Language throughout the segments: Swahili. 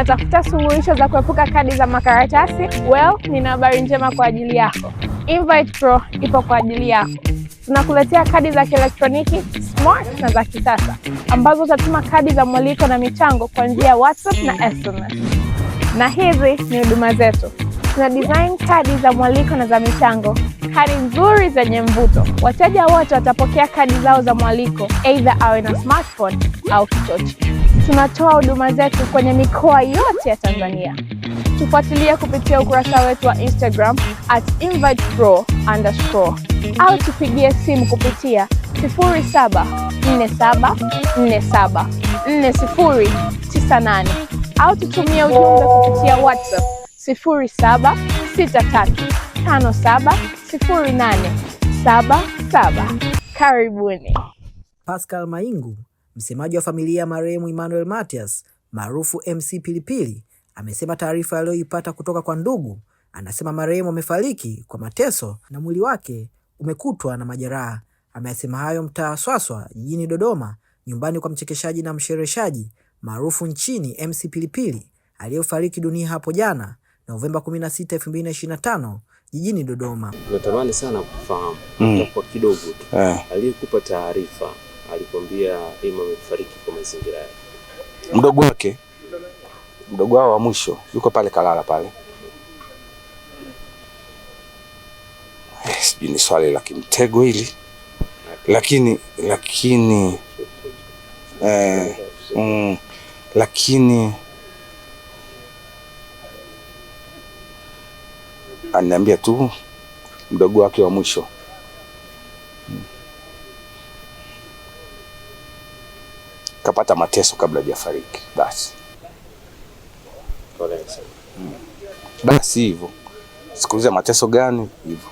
Unatafuta suluhisho za kuepuka kadi za makaratasi? Well, nina habari njema kwa ajili yako. Invite Pro ipo kwa ajili yako. Tunakuletea kadi za kielektroniki smart na za kisasa ambazo utatuma kadi za mwaliko na michango kwa njia ya WhatsApp na SMS. Na hizi ni huduma zetu. Tuna design kadi za mwaliko na za michango, kadi nzuri zenye mvuto. Wateja wote watapokea kadi zao za mwaliko, aidha awe na smartphone au kichochi tunatoa huduma zetu kwenye mikoa yote ya Tanzania. Tufuatilie kupitia ukurasa wetu wa Instagram at invitepro underscore au tupigie simu kupitia 0747474098 au tutumie ujumbe kupitia WhatsApp 0763570877. Karibuni. Pascal Maingu Msemaji wa familia ya marehemu Emmanuel Matias maarufu MC Pilipili amesema taarifa aliyoipata kutoka kwa ndugu, anasema marehemu amefariki kwa mateso na mwili wake umekutwa na majeraha. Ameyasema hayo mtaa Swaswa jijini Dodoma, nyumbani kwa mchekeshaji na mshereshaji maarufu nchini MC Pilipili aliyefariki dunia hapo jana Novemba 16, 2025 jijini Dodoma. Natamani sana kufahamu mm, kwa kidogo tu yeah, aliyekupa taarifa kuambia Ima amefariki kwa mazingira yake. Mdogo wake mdogo wao wa mwisho yuko pale kalala pale. Eh, sijui ni swali la kimtego hili, lakini lakini eh, mm, lakini ananiambia tu mdogo wake wa mwisho. Hmm. nikapata mateso kabla hajafariki. Basi hmm. Basi hivyo sikuliza mateso gani hivyo,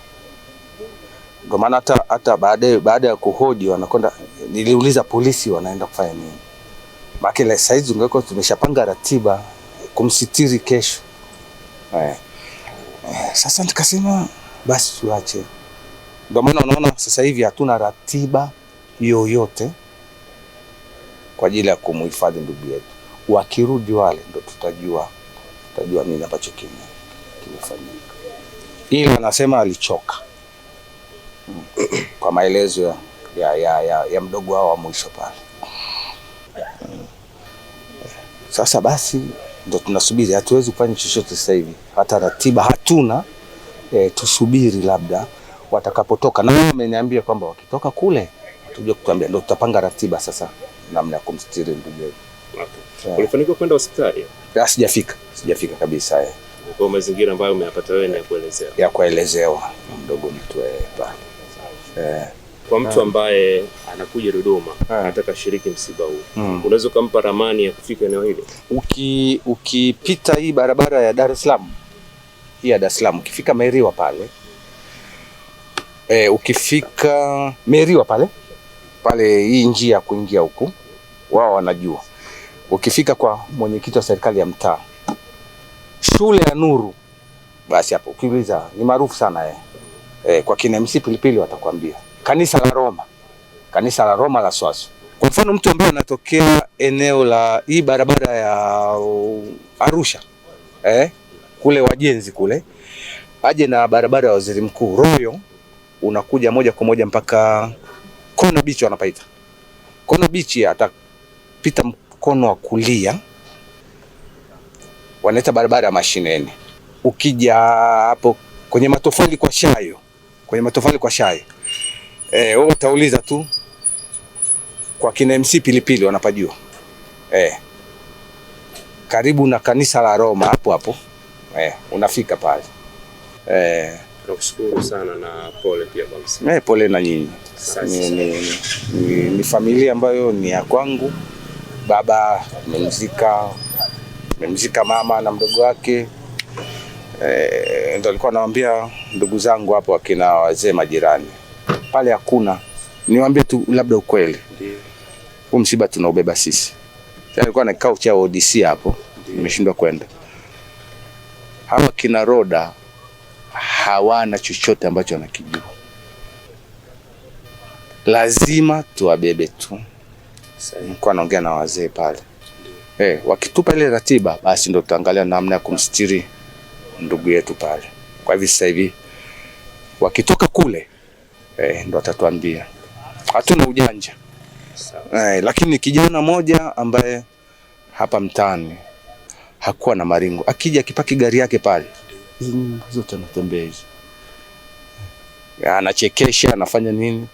ndio maana hata hata baadaye baada ya kuhoji wanakwenda, niliuliza polisi wanaenda kufanya nini, maana saizi ungekuwa tumeshapanga ratiba kumsitiri kesho eh. eh, sasa nikasema basi tuache, ndio maana unaona sasa hivi hatuna ratiba yoyote kwa ajili ya kumhifadhi ndugu yetu. Wakirudi wale ndo tutajua, tutajua nini ambacho kimefanyika, ila anasema alichoka kwa maelezo ya, ya, ya, ya, ya mdogo wao wa mwisho pale. Sasa basi ndo tunasubiri, hatuwezi kufanya chochote sasa hivi, hata ratiba hatuna e, tusubiri labda watakapotoka, na wameniambia kwamba wakitoka kule watuje kutuambia, ndo tutapanga ratiba sasa namna ya kumstiri ndugu yetu. Okay. Yeah. Ulifanikiwa kwenda hospitali? Ah, sijafika, sijafika kabisa eh. Kwa mazingira ambayo umeyapata wewe ni ya kuelezewa. Ya kuelezewa mdogo mtu eh pale. Eh. Kwa mtu ah. ambaye anakuja Dodoma ah. anataka shiriki msiba huu mm. Unaweza ukampa ramani ya kufika eneo hili uki ukipita hii barabara ya Dar es Salaam, hii ya Dar es Salaam ukifika Meriwa pale eh, ukifika Meriwa pale pale, hii njia ya kuingia huku wao wanajua. Ukifika kwa mwenyekiti wa serikali ya mtaa shule ya Nuru, basi hapo ukiuliza ni maarufu sana eh. Eh, kwa kina MC Pilipili watakwambia kanisa la Roma, kanisa la Roma la Swaso. Kwa mfano mtu ambaye anatokea eneo la hii barabara ya Arusha eh, kule wajenzi kule aje na barabara ya Waziri Mkuu Royo, unakuja moja kwa moja mpaka Kona bichi wanapaita. Kona bichi atapita mkono wa kulia, wanaita barabara ya mashineni. Ukija hapo kwenye matofali kwa shayo, kwenye matofali kwa shayo e, wewe utauliza tu kwa kina MC Pilipili wanapajua e, karibu na kanisa la Roma hapo hapo e, unafika pale e. Nakushukuru sana na pole pia kwa Eh, pole na nyinyi. Ni, ni, ni, ni familia ambayo ni ya kwangu. Baba amemzika, amemzika mama na mdogo wake. Eh, ndo alikuwa anawaambia ndugu zangu hapo akina wazee majirani pale, hakuna niwaambie tu labda ukweli, huu msiba tunaubeba sisi. Alikuwa na kikao cha ODC hapo, nimeshindwa kwenda hapa kina Roda hawana chochote ambacho wanakijua. Lazima tuwabebe tu. Nilikuwa naongea na wazee pale eh, wakitupa ile ratiba, basi ndo tutaangalia namna ya kumstiri ndugu yetu pale. Kwa hivyo sasa hivi wakitoka kule eh, ndo atatuambia. Hatuna ujanja eh, lakini kijana moja ambaye hapa mtaani hakuwa na maringo, akija akipaki gari yake pale zote anatembea hizo, anachekesha, anafanya nini.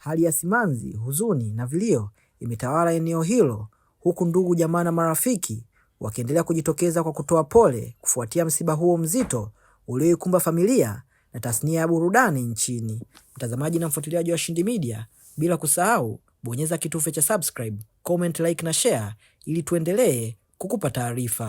Hali ya simanzi, huzuni na vilio imetawala eneo hilo, huku ndugu jamaa na marafiki wakiendelea kujitokeza kwa kutoa pole kufuatia msiba huo mzito ulioikumba familia na tasnia ya burudani nchini. Mtazamaji na mfuatiliaji wa Shindi Media, bila kusahau bonyeza kitufe cha subscribe, comment, like na share ili tuendelee kukupa taarifa.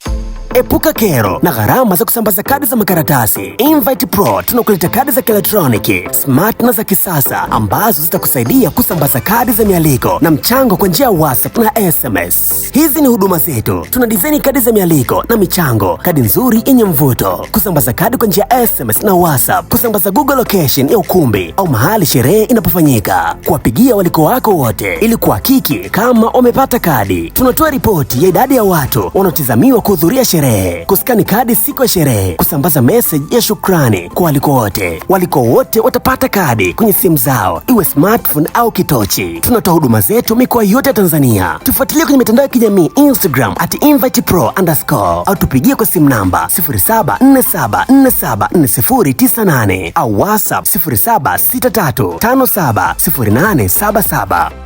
Epuka kero na gharama za kusambaza kadi za makaratasi. Invite Pro tunakuleta kadi za kielektroniki smart na za kisasa ambazo zitakusaidia kusambaza kadi za mialiko na mchango kwa njia ya WhatsApp na SMS. Hizi ni huduma zetu. Tuna design kadi za mialiko na michango, kadi nzuri yenye mvuto, kusambaza kadi kwa njia ya SMS na WhatsApp, kusambaza Google location ya ukumbi au mahali sherehe inapofanyika, kuwapigia waliko wako wote ili kuhakiki kama wamepata kadi. Tunatoa ripoti ya idadi ya watu wanaotazamiwa kuhudhuria sherehe sherehe, kuskani kadi siku ya sherehe, kusambaza message ya shukrani kwa waliko wote. Waliko wote watapata kadi kwenye simu zao, iwe smartphone au kitochi. Tunatoa huduma zetu mikoa yote ya Tanzania. Tufuatilie kwenye mitandao ya kijamii Instagram at invite pro underscore, au tupigie kwa simu namba 0747474098 au WhatsApp 0763570877.